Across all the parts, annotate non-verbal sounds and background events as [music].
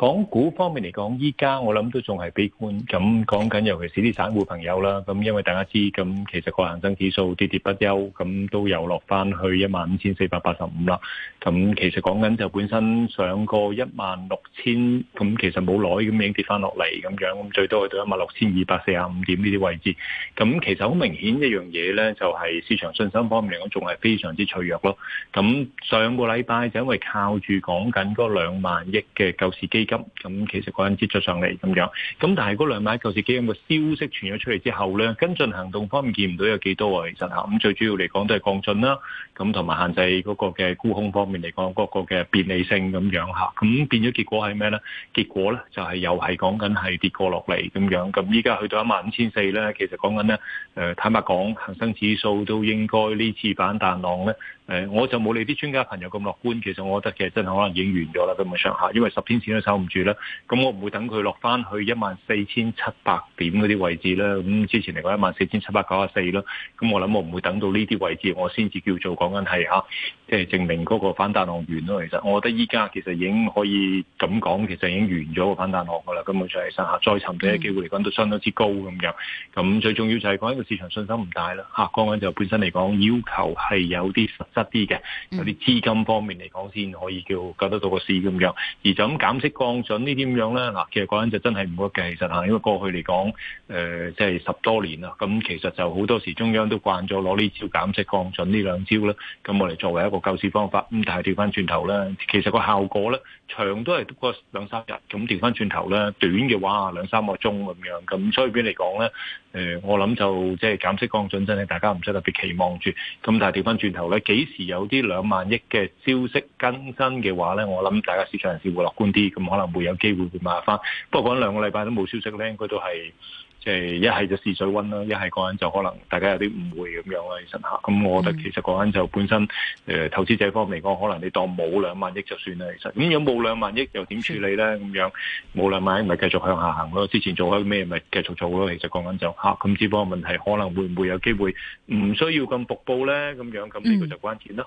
港股方面嚟講，依家我諗都仲係悲觀。咁講緊，尤其是啲散戶朋友啦，咁因為大家知，咁其實個恆生指數跌跌不休，咁都又落翻去一萬五千四百八十五啦。咁其實講緊就本身上過一萬六千，咁其實冇耐咁已經跌翻落嚟，咁樣咁最多去到一萬六千二百四十五點呢啲位置。咁其實好明顯一樣嘢呢，就係市場信心方面嚟講，仲係非常之脆弱咯。咁上個禮拜就因為靠住講緊嗰兩萬億嘅救市基金。咁、嗯、其實嗰陣接咗上嚟咁樣，咁、嗯、但係嗰兩買救市基金嘅消息傳咗出嚟之後咧，跟進行動方面見唔到有幾多啊？其實嚇，咁、嗯、最主要嚟講都係降準啦，咁同埋限制嗰個嘅沽空方面嚟講，嗰、那個嘅便利性咁樣嚇，咁、嗯、變咗結果係咩咧？結果咧就係、是、又係講緊係跌過落嚟咁樣，咁依家去到一萬五千四咧，其實講緊咧，誒、呃、坦白講，恒生指數都應該呢次反彈浪咧，誒、呃、我就冇你啲專家朋友咁樂觀，其實我覺得其實真係可能已經完咗啦咁嘅上下，因為十天線都收住啦，咁我唔會等佢落翻去一萬四千七百點嗰啲位置啦。咁之前嚟講一萬四千七百九十四啦，咁我諗我唔會等到呢啲位置，我先至叫做講緊係吓，即係證明嗰個反彈浪完咯。其實我覺得依家其實已經可以咁講，其實已經完咗個反彈浪噶啦。咁在係實下再尋底嘅機會嚟講都相當之高咁樣。咁最重要就係講一個市場信心唔大啦。吓，嗰個就本身嚟講要求係有啲實質啲嘅，有啲資金方面嚟講先可以叫搞得到個市咁樣。而就咁減息。降準呢啲咁樣咧，嗱，其實嗰陣就真係冇得計，其實因為過去嚟講，誒即係十多年啦，咁其實就好多時中央都慣咗攞呢招減息降準呢兩招啦。咁我哋作為一個救市方法，咁但係調翻轉頭咧，其實個效果咧長都係得個兩三日，咁調翻轉頭咧短嘅話兩三個鐘咁樣，咁所以俾你講咧，誒我諗就即係減息降準真係大家唔使特別期望住，咁但係調翻轉頭咧幾時有啲兩萬億嘅消息更新嘅話咧，我諗大家市場人士會樂觀啲咁。可能會有機會會買翻，不過講緊兩個禮拜都冇消息咧，應該都係即係一係就試水溫啦，一係講緊就可能大家有啲誤會咁樣啦，其實嚇，咁我覺得其實講緊就本身誒投資者方嚟講，可能你當冇兩萬億就算啦，其實咁有冇兩萬億又點處理咧？咁樣冇兩萬億咪繼續向下行咯，之前做開咩咪繼續做咯。其實講緊就嚇咁，只不過問題可能會唔會有機會唔需要咁瀑布咧？咁樣咁呢個就關鍵咯。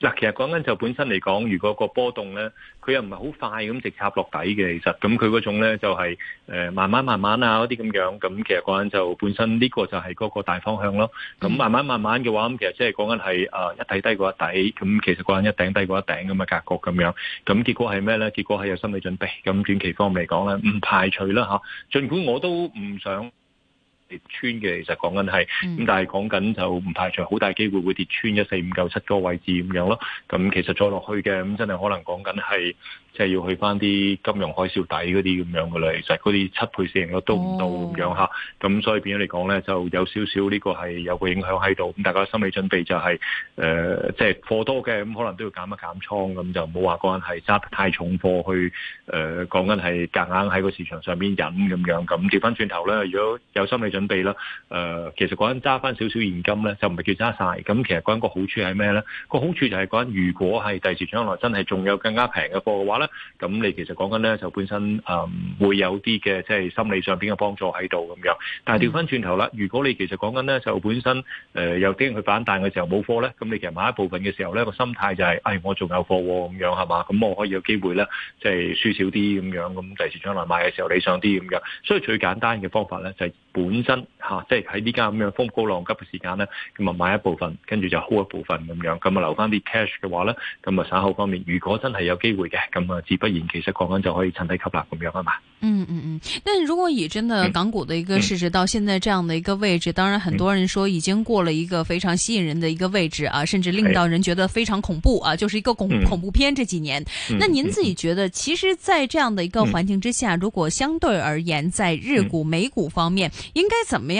嗱，其實講緊就本身嚟講，如果個波動咧，佢又唔係好快咁直插落底嘅，其實咁佢嗰種咧就係誒慢慢慢慢啊嗰啲咁樣，咁其實講緊就本身呢個就係嗰個大方向咯。咁慢慢慢慢嘅話，咁其實即係講緊係誒一底低過一底，咁其實講緊一頂低過一頂咁嘅格局咁樣，咁結果係咩咧？結果係有心理準備。咁短期方面嚟講咧，唔排除啦嚇。儘管我都唔想。跌穿嘅，其實講緊係咁，但係講緊就唔排除好大機會會跌穿一四五九七個位置咁樣咯。咁其實再落去嘅，咁真係可能講緊係即係要去翻啲金融海嘯底嗰啲咁樣嘅啦。其實嗰啲七倍市盈率都唔到咁樣嚇。咁、嗯、所以變咗嚟講咧，就有少少呢個係有個影響喺度。咁大家心理準備就係、是、誒，即、呃、係、就是、貨多嘅咁，可能都要減一減倉咁，就冇話個人係揸得太重貨去誒，講緊係夾硬喺個市場上邊忍咁樣。咁調翻轉頭咧，如果有心理準，準備啦，誒、呃，其實講緊揸翻少少現金咧，就唔係叫揸晒。咁其實講緊個好處係咩咧？個好處就係講緊，如果係第時將來真係仲有更加平嘅貨嘅話咧，咁你其實講緊咧就本身誒、呃、會有啲嘅即係心理上邊嘅幫助喺度咁樣。但係調翻轉頭啦，如果你其實講緊咧就本身誒又啲人去反彈嘅時候冇貨咧，咁你其實買一部分嘅時候咧、個心態就係、是、誒、哎、我仲有貨咁、哦、樣係嘛，咁我可以有機會咧即係輸少啲咁樣，咁第時將來買嘅時候理想啲咁樣。所以最簡單嘅方法咧就係、是。本身。啊，即係喺呢間咁樣風高浪急嘅時間呢，咁啊買一部分，跟住就 hold 一部分咁樣，咁啊留翻啲 cash 嘅話呢，咁啊散戶方面，如果真係有機會嘅，咁啊自不然其實講緊就可以趁低吸納，咁樣啊嘛。嗯嗯嗯，但如果以真的港股嘅一個市值、嗯、到現在這樣嘅一個位置，當然很多人說已經過了一個非常吸引人的一個位置啊，甚至令到人覺得非常恐怖、嗯、啊，就是一個恐、嗯、恐怖片。這幾年、嗯，那您自己覺得，其實在這樣的嘅一個環境之下、嗯，如果相對而言，在日股、嗯、美股方面應該怎麼樣？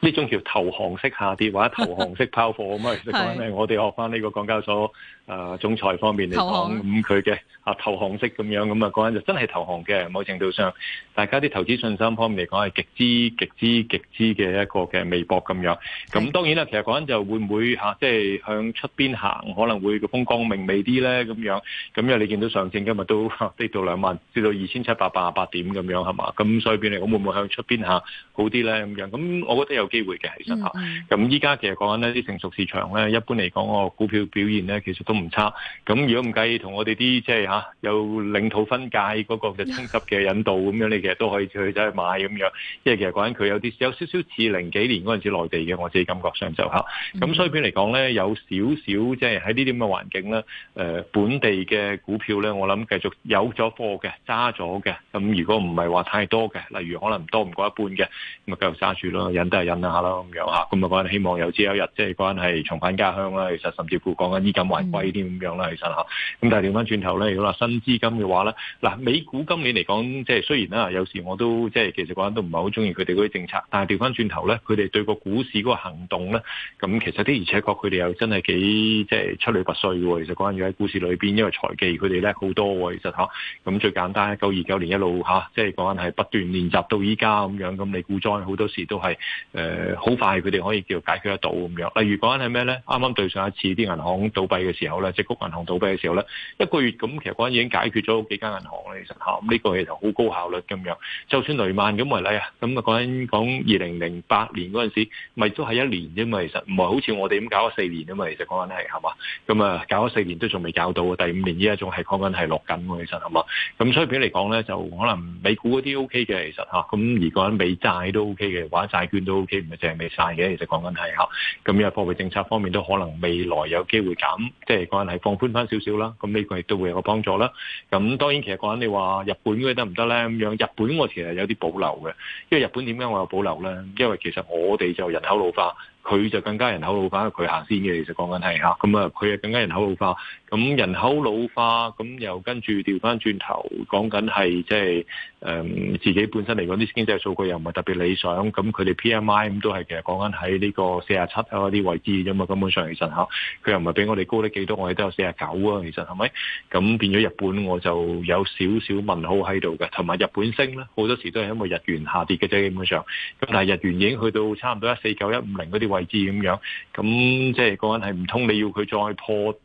呢種叫投降式下跌或者投降式拋貨咁啊！ [laughs] 其實講緊我哋學翻呢個港交所啊、呃、總裁方面嚟講，咁佢嘅啊投降式咁樣咁啊，講緊就真係投降嘅某程度上，大家啲投資信心方面嚟講係極之極之極之嘅一個嘅微薄咁樣。咁當然啦，其實講緊就會唔會即係、啊就是、向出邊行，可能會風光明媚啲咧咁樣。咁因為你見到上證今日都跌、啊、到兩萬，跌到二千七百八十八點咁樣係嘛？咁所以變嚟，我會唔會向出邊行好啲咧咁樣？咁我覺得又，機會嘅，嗯、其實吓，咁依家其實講緊呢啲成熟市場咧，一般嚟講個股票表現咧，其實都唔差。咁如果唔介意，同我哋啲即係吓有領土分界嗰個嘅衝擊嘅引導咁樣、嗯、你其實都可以去走去買咁樣。即係其實講緊佢有啲有，有少少似零幾年嗰陣時內地嘅，我自己感覺上就吓。咁所以譬如嚟講咧，有少少即係喺呢啲咁嘅環境咧，誒、呃，本地嘅股票咧，我諗繼續有咗貨嘅，揸咗嘅。咁如果唔係話太多嘅，例如可能多，唔過一半嘅，咁咪繼續揸住咯，引得係引下啦咁樣吓，咁 [noise] 啊樂希望有朝一日即係講係重返家鄉啦。其實甚至乎講緊衣錦還歸添咁樣啦。其實吓，咁但係調翻轉頭咧，如果話新資金嘅話咧，嗱，美股今年嚟講，即係雖然啦，有時我都即係其實講都唔係好中意佢哋嗰啲政策，但係調翻轉頭咧，佢哋對個股市個行動咧，咁其實的而且確佢哋又真係幾即係出類拔萃喎。其實講要喺股市裏邊，因為財技佢哋呢好多。其實吓，咁最簡單一九二九年一路吓，即係講緊係不斷練習到依家咁樣，咁你估災好多時都係誒。誒、呃，好快佢哋可以叫解決得到咁樣。例如講緊係咩咧？啱啱對上一次啲銀行倒閉嘅時候咧，積谷銀行倒閉嘅時候咧，一個月咁其實講緊已經解決咗幾間銀行咧。其實嚇，咁呢個其實好高效率咁樣。就算雷曼咁嚟例啊，咁啊講緊講二零零八年嗰陣時，咪都係一年啫嘛。其實唔係好似我哋咁搞咗四年啊嘛。其實講緊係係嘛，咁啊搞咗四年都仲未搞到，第五年依家仲係講緊係落緊喎。其實係嘛，咁所以嚟講咧，就可能美股嗰啲 OK 嘅，其實嚇咁如果緊美債都 OK 嘅話，或者債券都 OK。唔係淨係未晒嘅，其實講緊係嚇。咁因為貨幣政策方面都可能未來有機會減，即係講緊係放寬返少少啦。咁呢個亦都會有個幫助啦。咁當然其實講緊你話日本嗰啲得唔得咧？咁樣日本我其實有啲保留嘅，因為日本點解我有保留咧？因為其實我哋就人口老化。佢就更加人口老化，佢行先嘅，其實講緊係嚇。咁啊，佢就更加人口老化。咁人口老化，咁又跟住調翻轉頭講緊係即係誒、呃、自己本身嚟講，啲經濟數據又唔係特別理想。咁佢哋 PMI 咁都係其實講緊喺呢個四十七啊啲位置啫嘛。根本上其實吓，佢又唔係比我哋高得幾多，我哋都有四十九啊。其實係咪咁？變咗日本我就有少少問號喺度嘅。同埋日本升咧，好多時都係因為日元下跌嘅啫。基本上咁，但係日元已經去到差唔多一四九一五零嗰啲位。位置咁樣，咁即係個問題係唔通你要佢再破？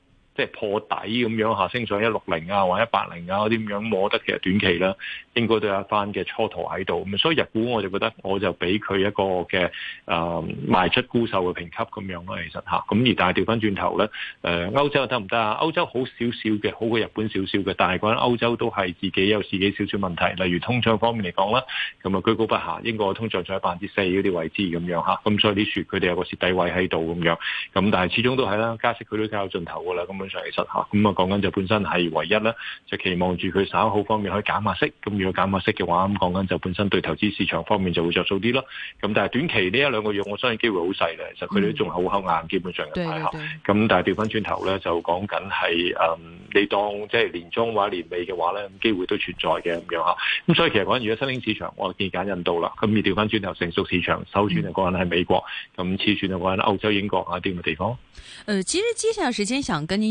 即係破底咁樣下升上一六零啊，或者一八零啊嗰啲咁樣摸得，其實短期啦應該都有一番嘅初圖喺度。咁所以日股我就覺得我就俾佢一個嘅誒賣出沽售嘅評級咁樣咯，其實吓，咁而但係調翻轉頭咧，誒、呃、歐洲得唔得啊？歐洲好少少嘅，好過日本少少嘅，但係覺得歐洲都係自己有自己少少問題，例如通脹方面嚟講啦，咁啊居高不下，應該通脹仲有百分之四嗰啲位置咁樣嚇。咁所以啲雪佢哋有個雪底位喺度咁樣。咁但係始終都係啦，加息佢都睇有盡頭㗎啦。咁啊～其實吓，咁啊講緊就本身係唯一啦，就期望住佢稍好方面可以減壓息，咁如果減壓息嘅話，咁講緊就本身對投資市場方面就會着數啲咯。咁但係短期呢一兩個月，我相信機會好細啦。其實佢哋都仲好口硬，基本上係咁、嗯、但係調翻轉頭咧，就講緊係誒，你當即係年中或者年尾嘅話咧，咁機會都存在嘅咁樣吓。咁所以其實講緊如果新興市場，我建議揀印度啦。咁你調翻轉頭成熟市場首選就個人係美國，咁、嗯、次選就個人歐洲、英國啊啲咁嘅地方。誒、呃，其實接下來時間想跟你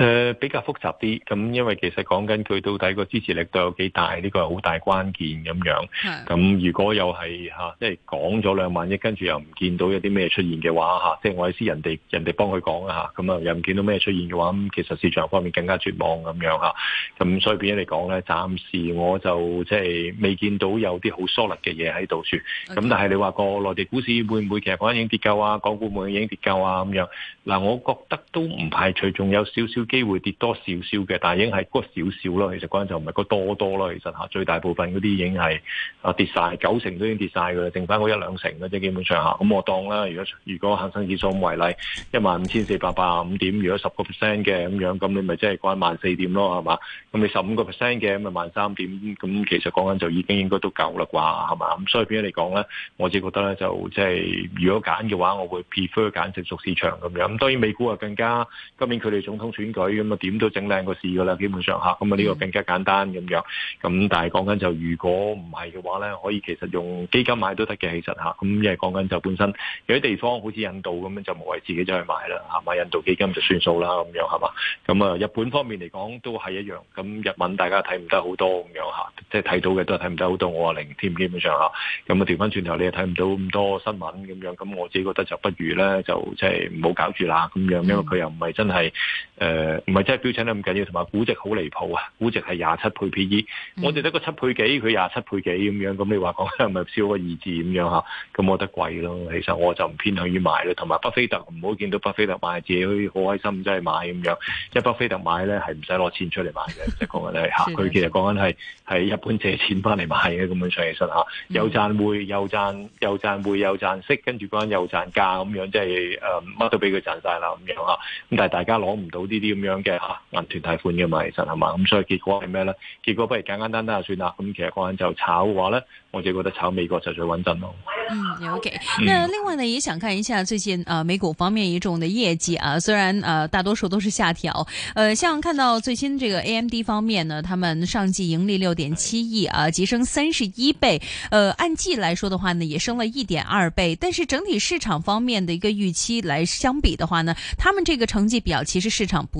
誒比較複雜啲，咁因為其實講緊佢到底個支持力度有幾大，呢個係好大關鍵咁樣。咁、yeah. 如果又係即係講咗兩萬億，跟住又唔見到有啲咩出現嘅話即係我意思，人哋人哋幫佢講啊咁啊又唔見到咩出現嘅話，咁其實市場方面更加絕望咁樣嚇。咁所以變咗嚟講咧，暫時我就即係未見到有啲好 solid 嘅嘢喺度算。咁、okay. 但係你話個內地股市會唔會其實講緊跌夠啊，港股會唔會影跌夠啊咁樣？嗱，我覺得都唔排除仲有少少。機會跌多少少嘅，但係已經係嗰少少咯。其實講緊就唔係嗰多多咯。其實嚇，最大部分嗰啲已經係啊跌晒，九成都已經跌晒嘅啦。剩翻嗰一兩成啦，即係基本上嚇。咁我當啦，如果如果恆生指數咁為例，一萬五千四百八十五點，如果十個 percent 嘅咁樣，咁你咪即係關萬四點咯，係嘛？咁你十五個 percent 嘅咪萬三點，咁其實講緊就已經應該都夠啦啩，係嘛？咁所以變咗嚟講咧，我自己覺得咧就即係、就是、如果揀嘅話，我會 prefer 揀成熟市場咁樣。咁當然美股啊更加，今年佢哋總統選咁、嗯、啊，點、嗯、都整靚個市噶啦，基本上嚇，咁啊呢個更加簡單咁樣。咁但係講緊就，如果唔係嘅話咧，可以其實用基金買都得嘅，其實嚇。咁亦係講緊就本身有啲地方好似印度咁樣，就無謂自己再去買啦嚇，買印度基金就算數啦咁樣係嘛？咁啊日本方面嚟講都係一樣，咁日文大家睇唔得好多咁樣嚇，即係睇到嘅都係睇唔得好多。我話零添基本上嚇，咁啊調翻轉頭你又睇唔到咁多新聞咁樣，咁我自己覺得就不如咧就即係唔好搞住啦咁樣，因為佢又唔係真係唔係真係標準得咁緊要，同埋估值好離譜啊！估值係廿七倍 P/E、嗯、我哋得個七倍幾，佢廿七倍幾咁樣。咁你話講係咪少個二字咁樣嚇？咁我覺得貴咯。其實我就唔偏向於買咯。同埋巴菲特唔好見到巴菲特買自己好開心真，真係買咁樣。因為巴菲特買咧係唔使攞錢出嚟買嘅，即係講緊係嚇。佢其實講緊係喺日本借錢翻嚟買嘅，咁樣上起身嚇，又賺匯，又賺又賺匯，又賺息，跟住講緊又賺價咁樣，即係誒乜都俾佢賺晒啦咁樣嚇。咁但係大家攞唔到呢啲。咁樣嘅嚇，銀團貸款嘅嘛，其實係嘛，咁所以結果係咩呢？結果不如簡簡單單就算啦。咁其實個人就炒嘅話呢，我哋覺得炒美國就最穩陣咯。嗯，OK。那另外呢，也想看一下最近啊、呃，美股方面一眾的業績啊，雖然啊、呃，大多數都是下調。呃，像看到最新這個 AMD 方面呢，他們上季盈利六點七億啊，急升三十一倍。呃，按季來說的話呢，也升了一點二倍。但是整體市場方面的一個預期來相比的話呢，他們這個成績表其實市場不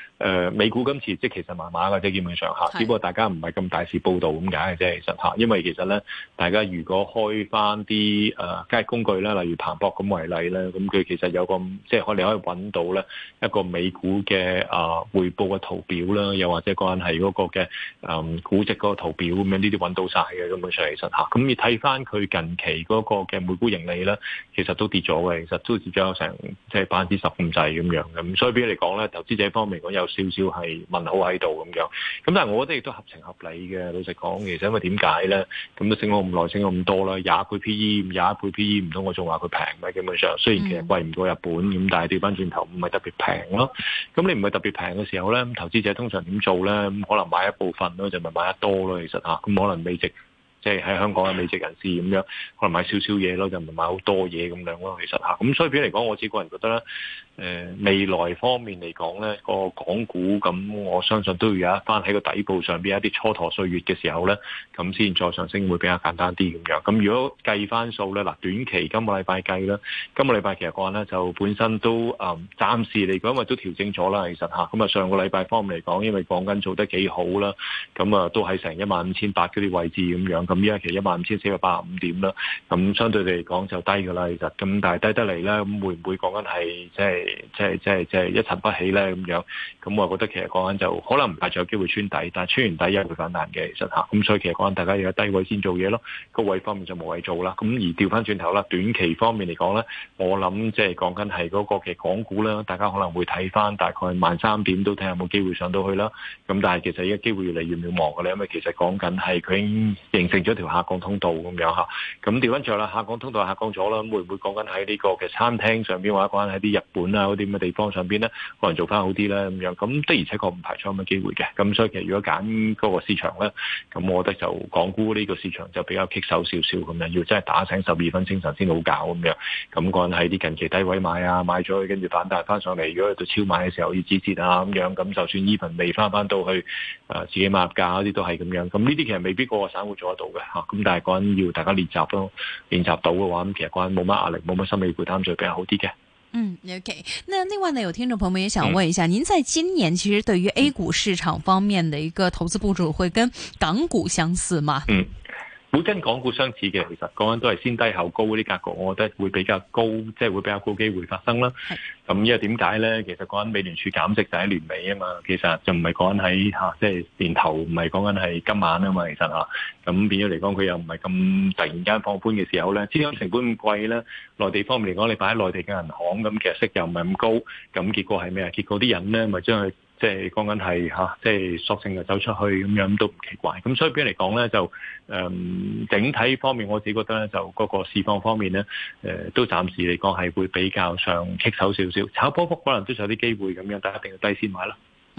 誒、呃，美股今次即其實麻麻嘅，即基本上嚇，只不過大家唔係咁大肆報導咁解嘅啫。其實因為其實咧，大家如果開翻啲誒交易工具咧，例如彭博咁為例呢，咁、嗯、佢其實有個即係我哋可以揾到咧一個美股嘅啊匯報嘅圖表啦，又或者關係嗰個嘅誒估值嗰個圖表咁樣，呢啲揾到晒嘅。根本上其實咁你睇翻佢近期嗰個嘅每股盈利咧，其實都跌咗嘅，其實都跌咗成即係百分之十五咁滯咁樣嘅。咁所以畀你嚟講咧，投資者方面有少少係問號喺度咁樣，咁、 [music] 嗯、但係我覺得亦都合情合理嘅。老實講，其實因為點解咧？咁都升咗咁耐，升咗咁多啦，廿倍 PE，廿一倍 PE，唔通我仲話佢平咩？基本上雖然其實貴唔過日本咁，但係掉翻轉頭唔係特別平咯。咁你唔係特別平嘅時候咧，咁投資者通常點做咧？咁可能買一部分咯，就咪、是、買得多咯。其實吓，咁、啊、可能未值。即係喺香港嘅美籍人士咁樣，可能買少少嘢咯，就唔係買好多嘢咁樣咯。其實嚇，咁所以嚟講，我自己個人覺得咧、呃，未來方面嚟講咧，個港股咁，我相信都要有一番喺個底部上面，一啲蹉跎歲月嘅時候咧，咁先再上升會比較簡單啲咁樣。咁如果計翻數咧，嗱短期今個禮拜計啦，今個禮拜，拜其實講咧就本身都誒暫、嗯、時嚟講，因為都調整咗啦，其實嚇。咁啊上個禮拜方面嚟講，因為講緊做得幾好啦，咁啊都喺成一萬五千八嗰啲位置咁樣。咁依家其實一萬五千四百八十五點啦，咁相對嚟講就低㗎啦，其實，咁但係低得嚟咧，咁會唔會講緊係即係即係即係即係一沉不起咧咁樣？咁我覺得其實講緊就可能唔係再有機會穿底，但係穿完底又會反彈嘅，其實嚇。咁所以其實講緊大家要喺低位先做嘢咯，高位方面就冇謂做啦。咁而調翻轉頭啦，短期方面嚟講咧，我諗即係講緊係嗰個其實港股啦，大家可能會睇翻大概萬三點都睇下冇機會上到去啦。咁但係其實依家機會越嚟越渺茫㗎咧，因為其實講緊係佢已經形成。出條下降通道咁樣嚇，咁調翻轉啦，下降通道下降咗啦，會唔會講緊喺呢個嘅餐廳上邊，或者講緊喺啲日本啊嗰啲咁嘅地方上邊咧，可能做翻好啲咧咁樣？咁的而且確唔排除咁嘅機會嘅。咁所以其實如果揀嗰個市場咧，咁我覺得就港股呢個市場就比較棘手少少咁樣，要真係打醒十二分精神先好搞咁樣。咁講緊喺啲近期低位買啊，買咗跟住反彈翻上嚟，如果喺度超買嘅時候要止蝕啊咁樣。咁就算 Even 未翻翻到去啊自己買入價嗰啲都係咁樣。咁呢啲其實未必個個散戶做得到。咁但係嗰陣要大家練習咯，練習到嘅話，咁其實嗰陣冇乜壓力，冇乜心理負擔，就比較好啲嘅。嗯，OK。那另外呢，有聽眾朋友們也想問一下，您在今年其實對於 A 股市場方面的一個投資部署，會跟港股相似嗎？嗯。本身港股相似嘅，其實講緊都係先低後高嗰啲格局，我覺得會比較高，即係會比較高機會發生啦。咁因為點解咧？其實講緊美聯儲減息第一年尾啊嘛，其實就唔係講緊喺吓，即係年頭唔係講緊係今晚啊嘛。其實吓咁變咗嚟講，佢又唔係咁突然間放寬嘅時候咧，資金成本咁貴咧，內地方面嚟講，你擺喺內地嘅銀行咁，其實息又唔係咁高，咁結果係咩啊？結果啲人咧，咪將佢。即係講緊係嚇，即係索性就走出去咁樣都唔奇怪。咁所以畀你嚟講咧，就誒、嗯、整體方面，我自己覺得咧，就嗰個市況方面咧，誒、呃、都暫時嚟講係會比較上棘手少少。炒波幅可能都有啲機會咁樣，但係一定要低先買啦。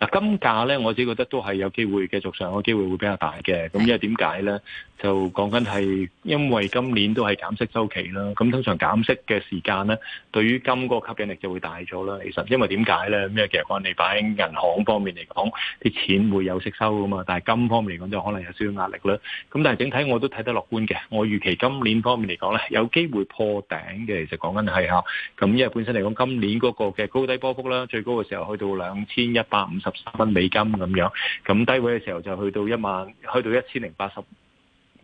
嗱金價咧，我自己覺得都係有機會繼續上嘅機會會比較大嘅，咁因為點解咧？就講緊係因為今年都係減息週期啦，咁通常減息嘅時間咧，對於金個吸引力就會大咗啦。為為其實因為點解咧？咩？其實按你擺銀行方面嚟講，啲錢會有息收㗎嘛，但係金方面嚟講就可能有少少壓力啦。咁但係整體我都睇得樂觀嘅，我預期今年方面嚟講咧，有機會破頂嘅。其實講緊係啊，咁因為本身嚟講今年嗰個嘅高低波幅啦，最高嘅時候去到兩千一百五十。十蚊美金咁樣，咁低位嘅時候就去到一萬，去到一千零八十，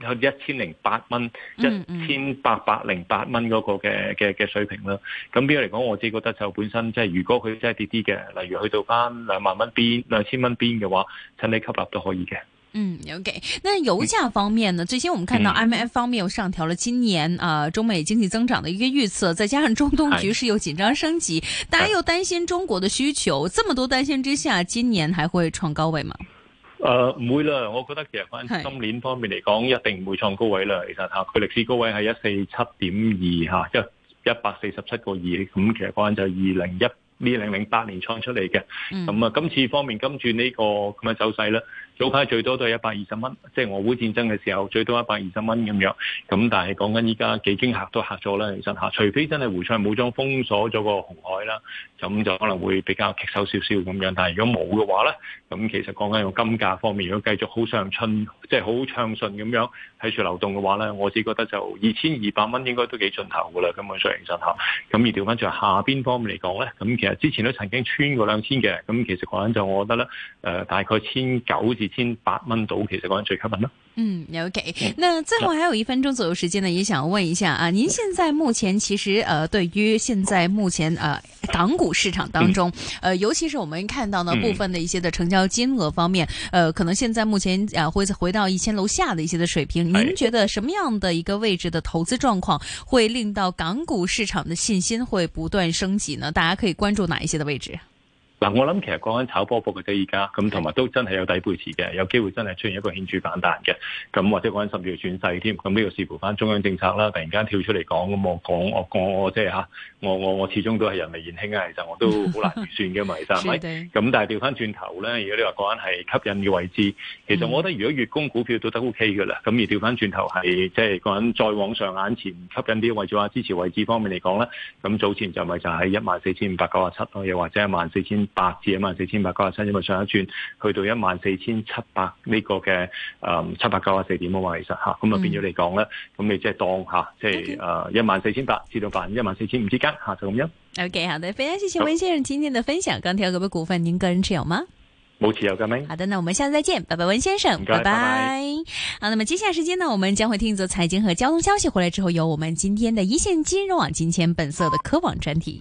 去到一千零八蚊，一千八百零八蚊嗰個嘅嘅嘅水平啦。咁邊個嚟講？我自己覺得就本身即係，如果佢真係跌啲嘅，例如去到翻兩萬蚊邊，兩千蚊邊嘅話，趁你吸納都可以嘅。嗯，OK。那油價方面呢？嗯、最新我們看到 IMF 方面又上調了今年、嗯、啊中美經濟增長的一個預測，再加上中東局勢又緊張升級，大家又擔心中國的需求。這麼多擔心之下，今年還會創高位嗎？呃唔會啦，我覺得其實講緊今年方面嚟講一定唔會創高位啦。其實吓佢歷史高位係一四七點二吓，一一百四十七個二咁。其實講緊就二零一二零零八年創出嚟嘅。咁、嗯、啊，今次方面跟住、這個、呢個咁嘅走勢啦。早排最多都係一百二十蚊，即係俄烏戰爭嘅時候最多一百二十蚊咁樣。咁但係講緊依家幾驚嚇都嚇咗啦，其實嚇。除非真係胡塞武裝封鎖咗個紅海啦，咁就可能會比較棘手少少咁樣。但係如果冇嘅話咧，咁其實講緊個金價方面，如果繼續好上春，即係好暢順咁樣喺處流動嘅話咧，我自己覺得就二千二百蚊應該都幾盡頭㗎啦，根本上嚟講。咁而調翻轉下邊方面嚟講咧，咁其實之前都曾經穿過兩千嘅，咁其實講緊就我覺得咧，誒、呃、大概千九至。一千八蚊到，其實講緊最吸引。嗯，OK。那最後還有一分鐘左右時間呢，也想問一下啊，您現在目前其實，呃，對於現在目前啊、呃、港股市場當中，呃，尤其是我們看到呢部分的一些的成交金額方面，呃，可能現在目前啊會、呃、回到一千樓下的一些的水平。您覺得什麼樣的一個位置的投資狀況會令到港股市場的信心會不斷升級呢？大家可以關注哪一些的位置？嗱，我諗其實講緊炒波搏嘅啫，而家咁同埋都真係有底背馳嘅，有機會真係出現一個顯著反彈嘅，咁或者講緊甚至轉勢添，咁呢個視乎翻中央政策啦。突然間跳出嚟講咁，我講我講我即係吓，我我我，我，我始終都係人微言輕啊。其實我都好難預算嘅嘛，其實係咪？咁 [laughs] 但係調翻轉頭咧，如果你話講緊係吸引嘅位置，其實我覺得如果月供股票都得 OK 嘅啦。咁而調翻轉頭係即係講緊再往上眼前吸引啲位置或者話支持位置方面嚟講咧，咁早前就咪就喺一萬四千五百九十七咯，又或者一萬四千。八至一萬，四千八九十三，因為上一轉，去到 14, 700,、呃 794, 嗯嗯、一萬四千七百呢個嘅誒七百九十四點啊嘛，其實吓咁啊變咗嚟講啦。咁你即係當吓，即係誒一萬四千八至到一萬四千五之間吓就咁樣。OK，好的，非常謝謝温先生今天的分享。鋼鐵股嘅股份，您個人持有嗎？冇持有嘅咩？好的，那我們下次再見，拜拜，温先生謝謝拜拜，拜拜。好，那麼接下來時間呢，我們將會聽一組財經和交通消息，回來之後有我們今天的一線金融網金錢本色的科網專題。